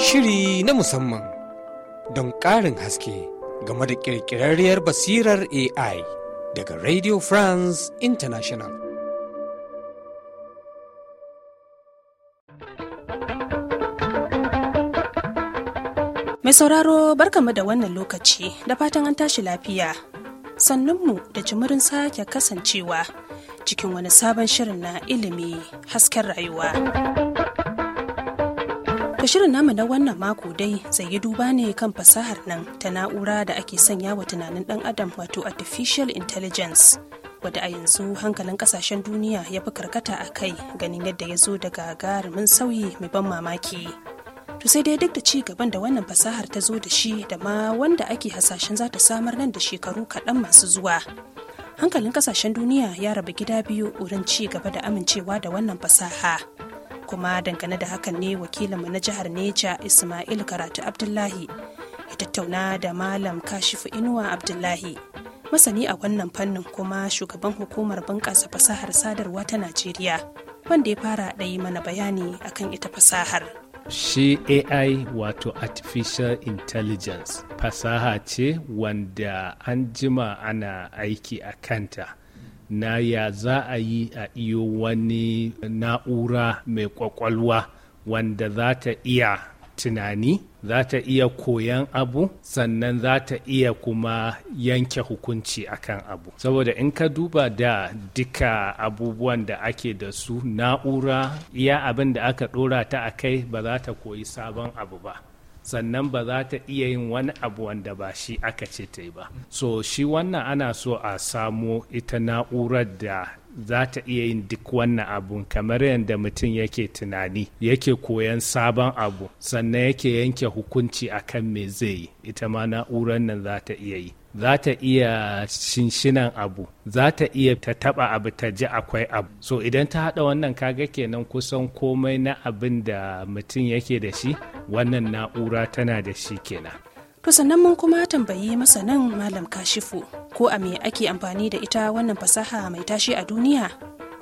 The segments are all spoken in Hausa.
Shiri na musamman don ƙarin haske game da ƙirƙirarriyar basirar AI daga Radio France International. Mai sauraro barkamu da wannan lokaci da fatan an tashi lafiya. Sannunmu da jimirin sake kasancewa cikin wani sabon shirin na ilimi hasken rayuwa. To shirin namu na wannan mako dai zai yi duba ne kan fasahar nan ta na'ura da ake sanya wa tunanin dan adam wato artificial intelligence wadda a yanzu hankalin kasashen duniya ya fi karkata a kai ganin yadda ya zo daga garimin sauyi mai ban mamaki. To sai dai duk da ci gaban da wannan fasahar ta zo da shi da ma wanda ake hasashen za ta samar nan da shekaru kaɗan masu zuwa. Hankalin kasashen duniya ya raba gida biyu wurin ci gaba da amincewa da wannan fasaha. kuma dangane da hakan ne wakilinmu na jihar neja ismail karatu abdullahi ya tattauna da malam kashifu inuwa abdullahi masani a wannan fannin kuma shugaban hukumar bunƙasa fasahar sadarwa ta najeriya wanda ya fara ɗayi mana bayani akan ita fasahar shi ai wato artificial intelligence fasaha ce wanda an jima ana aiki a kanta na ya za a yi a iyo wani na'ura mai kwakwalwa wanda za ta iya tunani za ta iya koyan abu sannan za ta iya kuma yanke hukunci akan abu saboda in ka duba da duka abubuwan da ake da su na'ura iya abin da aka dora ta a kai ba za ta koyi sabon abu ba sannan ba za ta iya yin wani abu wanda ba shi aka ce ta yi ba so shi wannan ana so a samo ita na'urar da za ta iya yin duk wannan abun kamar yadda mutum yake tunani yake koyan sabon abu sannan yake yanke hukunci akan me zai yi ita ma na'urar nan za ta iya yi za ta iya shinshinan abu za ta iya ta taba abu ta ji akwai abu so idan ta hada wannan kaga kenan kusan komai na abin da mutum yake da shi wannan na'ura tana da shi kenan to sannan mun kuma tambayi masanin malam kashifu ko a me ake amfani da ita wannan fasaha mai tashi a duniya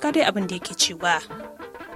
ka dai abin da yake cewa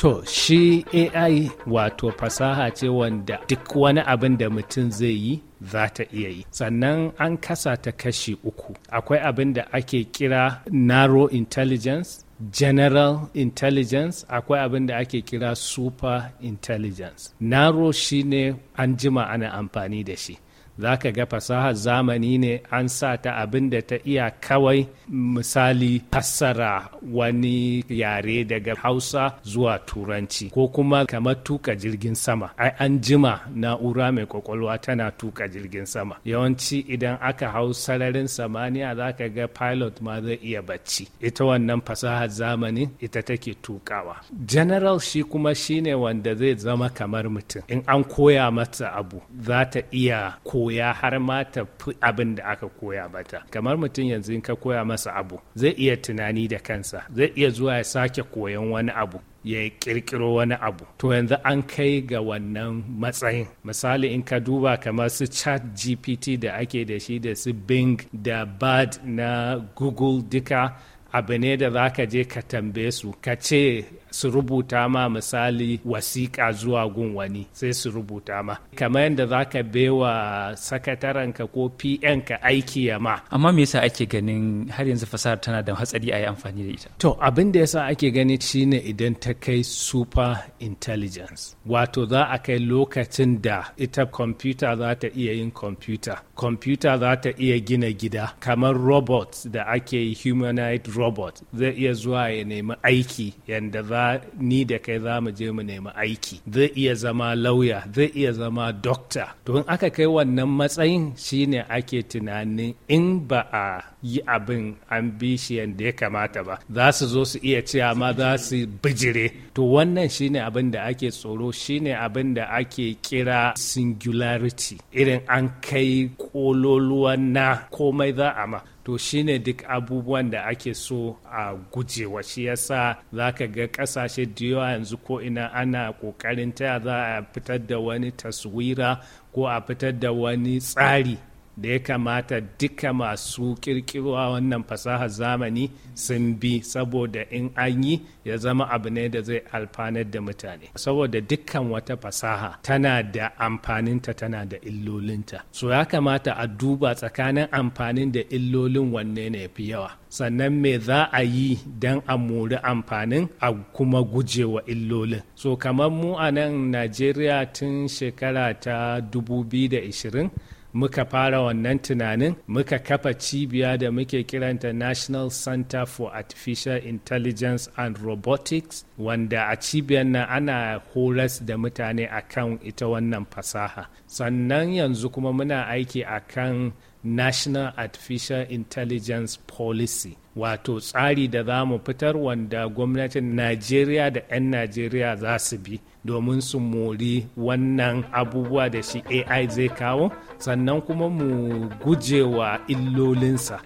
To shi AI wato fasaha ce wanda duk wani abin da mutum zai yi za ta iya yi sannan an kasa ta kashi uku akwai abin da ake kira narrow intelligence general intelligence akwai abin da ake kira super intelligence narrow shine an jima ana amfani da shi za ka ga fasahar zamani ne an sa ta abin da ta iya kawai misali fassara wani yare daga hausa zuwa turanci ko kuma kamar tuka jirgin sama ai an jima na'ura mai kwakwalwa tana tuka jirgin sama yawanci idan aka hau sararin samaniya za ka ga pilot ma zai iya bacci ita wannan fasahar zamani ita take tukawa general shi kuma shine wanda zai zama kamar mutum in an koya mata abu za ta iya ko koya har ma ta fi abin da aka koya mata kamar mutum yanzu in ka koya masa abu zai iya tunani da kansa zai iya zuwa ya sake koyon wani abu ya kirkiro wani abu to yanzu an kai ga wannan matsayin misali in ka duba kamar su chat gpt da ake da shi da su bing da bad na google duka abu ne da za ka je ka tambaye su ka ce su rubuta ma misali wasiƙa zuwa gun wani sai su rubuta ma kamar yadda za ka bewa sakatarenka ko pn ka aiki ya ma amma me yasa ake ganin har yanzu fasahar tana da hatsari a yi amfani da ita to abin da yasa ake gani shine idan ta kai super intelligence wato za a kai lokacin da ita computer za ta iya yin computer komfuta za ta iya gina gida kamar robot da ake humanoid robot zai iya zuwa ya nemi aiki yadda za ni da kai za mu je mu nemi aiki zai iya zama lauya zai iya zama dokta to in aka kai wannan matsayin shine ake tunanin in ba a yi abin an bi shi ya kamata ba za su zo su iya cewa ma za su bijire to wannan shine abin da ake tsoro shine abin da ake kira singularity irin an kai kololuwa na komai za a ma to shine duk abubuwan da ake so a gujewa shi yasa za ka ga kasashe da yawa yanzu ko ina ana kokarin ta za a fitar da wani taswira ko a fitar da wani tsari da ya kamata duka masu kirkirwa wannan fasahar zamani sun bi saboda in an yi ya zama abu ne da zai alfanar da mutane saboda dukkan wata fasaha tana da amfaninta tana da illolinta so ya kamata a duba tsakanin amfanin da illolin wanne ne fi yawa sannan me za a yi don a mori amfanin a kuma gujewa illolin so kamar mu a nan najeriya tun shekara ta 2020 muka fara wannan tunanin muka kafa cibiya da muke kiranta national center for artificial intelligence and robotics wanda a cibiyar nan ana horas da mutane akan ita wannan fasaha sannan yanzu kuma muna aiki akan National Artificial Intelligence Policy. Wato tsari da za mu fitar wanda gwamnatin Najeriya da 'yan Najeriya za su bi domin su mori wannan abubuwa da shi AI zai kawo, sannan kuma mu gujewa illolinsa.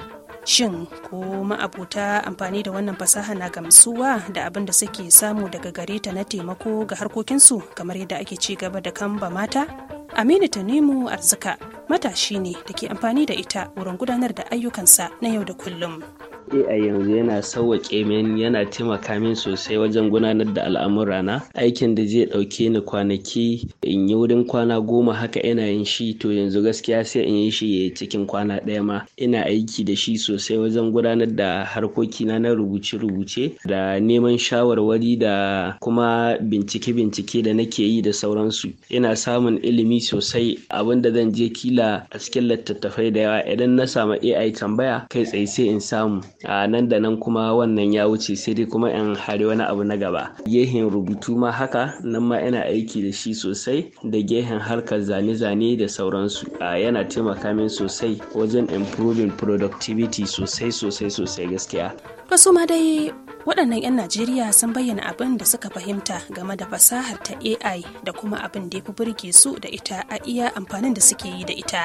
Shin ko ma'abuta amfani da wannan fasaha na gamsuwa da abin da suke samu daga gare ta na taimako ga harkokinsu kamar yadda ake ci gaba da kamba mata? Aminu Tanimu Arzika matashi ne da ke amfani da ita wurin gudanar da ayyukansa na yau da kullum. AI yanzu yana sauwaƙe min yana taimaka min sosai wajen gudanar da al'amura na. aikin da zai ɗauke ni kwanaki in yi wurin kwana goma haka ina yin shi to yanzu gaskiya sai in yi shi cikin kwana ɗaya ma ina aiki da shi sosai wajen gudanar da harkokina na rubuce-rubuce da neman shawarwari da kuma bincike-bincike da nake yi da sauransu ina samun ilimi sosai abin da zan je kila a cikin littattafai da yawa idan na samu AI tambaya kai tsaye sai in samu a nan da nan kuma wannan ya wuce sai dai kuma in hari wani abu na gaba gehen rubutu ma haka nan ma yana aiki da shi sosai da gehen harkar zane-zane da sauransu a yana taimaka min sosai wajen improving productivity sosai sosai sosai gaskiya wasu ma dai waɗannan 'yan najeriya sun bayyana abin da suka fahimta game da fasahar ta ai da kuma abin da ya fi burge su da ita a iya amfanin da suke yi da ita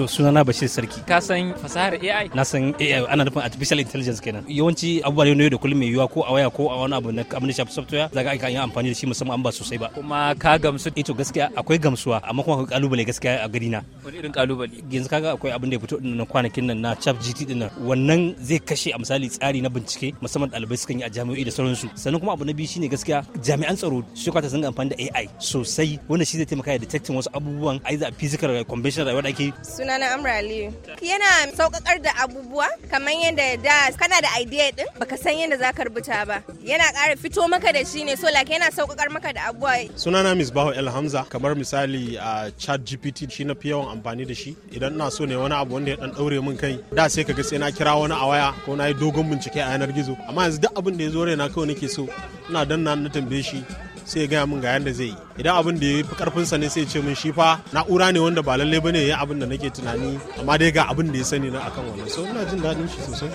To sunana Bashir Sarki. Ka san fasahar AI? Na san AI ana nufin artificial intelligence kenan. Yawanci abubuwa ne yau da kullum mai yiwa ko a waya ko a wani abu na kamar shafi software zaka aika yin amfani da shi musamman an ba sosai ba. Kuma ka gamsu? Eh to gaskiya akwai gamsuwa amma kuma akwai kalubale gaskiya a gari na. Wani irin kalubale? Yanzu kaga akwai abin da ya fito din nan kwanakin nan na chat gpt din nan. Wannan zai kashe a misali tsari na bincike musamman ɗalibai sukan yi a jami'o'i da sauransu. Sannan kuma abu na biyu shine gaskiya jami'an tsaro su kwata sun amfani da AI sosai wanda shi zai taimaka ya detecting wasu abubuwan ai za a physical conventional rayuwa da ake. Suna sunana Amra Aliyu. Yana saukakar da abubuwa kamar yadda da kana da idea din baka san yadda za ka rubuta ba. Yana ƙara fito maka da shi ne so like yana saukakar maka da abubuwa. Sunana Misbahu El Hamza kamar misali a Chat GPT shi na fi yawan amfani da shi idan ina so ne wani abu wanda ya dan daure min kai da sai ka ga sai na kira wani a waya ko na yi dogon bincike a yanar gizo amma yanzu duk abin da ya zo raina kawai nake so ina danna na tambaye shi sai ya gaya min ga yanda zai yi idan abin da ya fi karfin sa ne sai ce min shi fa na'ura ne wanda ba lalle bane ya abin da nake tunani amma dai ga abin da ya sani na akan wannan so ina jin daɗin shi sosai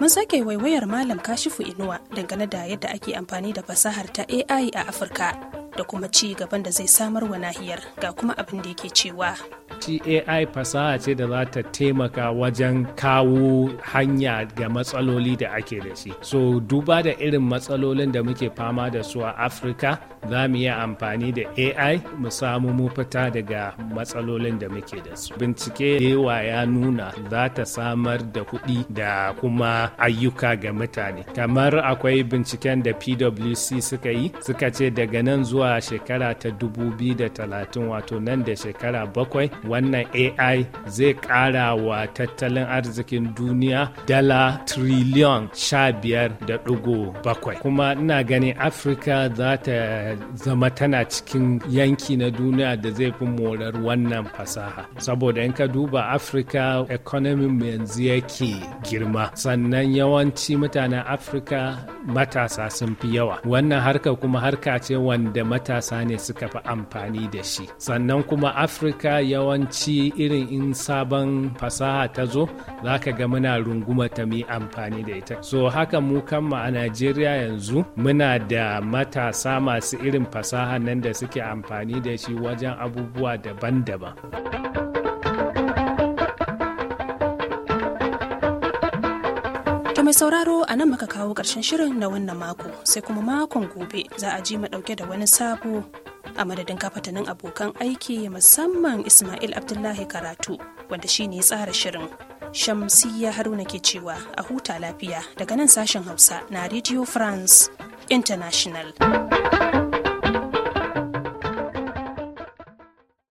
mun sake waiwayar malam kashifu inuwa dangane da yadda ake amfani da fasahar ta ai a afirka da kuma ci gaban da zai samar wa nahiyar ga kuma abin da yake cewa shi fasaha ce da za ta taimaka wajen kawo hanya ga matsaloli da ake da shi so duba da irin matsalolin da muke fama da su a afirka za mu yi amfani da ai mu samu mu fita daga matsalolin da muke da su bincike yawa ya nuna za ta samar da kuɗi da kuma ayyuka ga mutane kamar akwai binciken da pwc suka yi suka ce daga nan zuwa shekara ta 2030 wato nan da shekara bakwai wannan ai zai kara wa tattalin arzikin duniya dala triliyon sha biyar da ɗigo bakwai kuma ina ganin afirka za ta zama tana cikin yanki na duniya da zai fi morar wannan fasaha saboda in ka duba afirka economy yanzu yake girma sannan yawanci mutanen afirka matasa sun fi yawa wannan harka kuma harka ce wanda matasa ne suka fi amfani da shi sannan kuma afirka yawan. yawanci irin in sabon fasaha ta zo za ka ga muna runguma ta mi amfani da ita so haka mu kanmu a najeriya yanzu muna da matasa masu irin fasaha nan da suke amfani da shi wajen abubuwa daban-daban mai sauraro a nan muka kawo ƙarshen shirin na wannan mako sai kuma makon gobe za a ji mu ɗauke da wani sabo a madadin kafatanin abokan aiki musamman Ismail Abdullahi Karatu wanda shi ne tsara shirin. Shamsiyya Haruna ke cewa a huta lafiya daga nan sashen Hausa na Radio France International.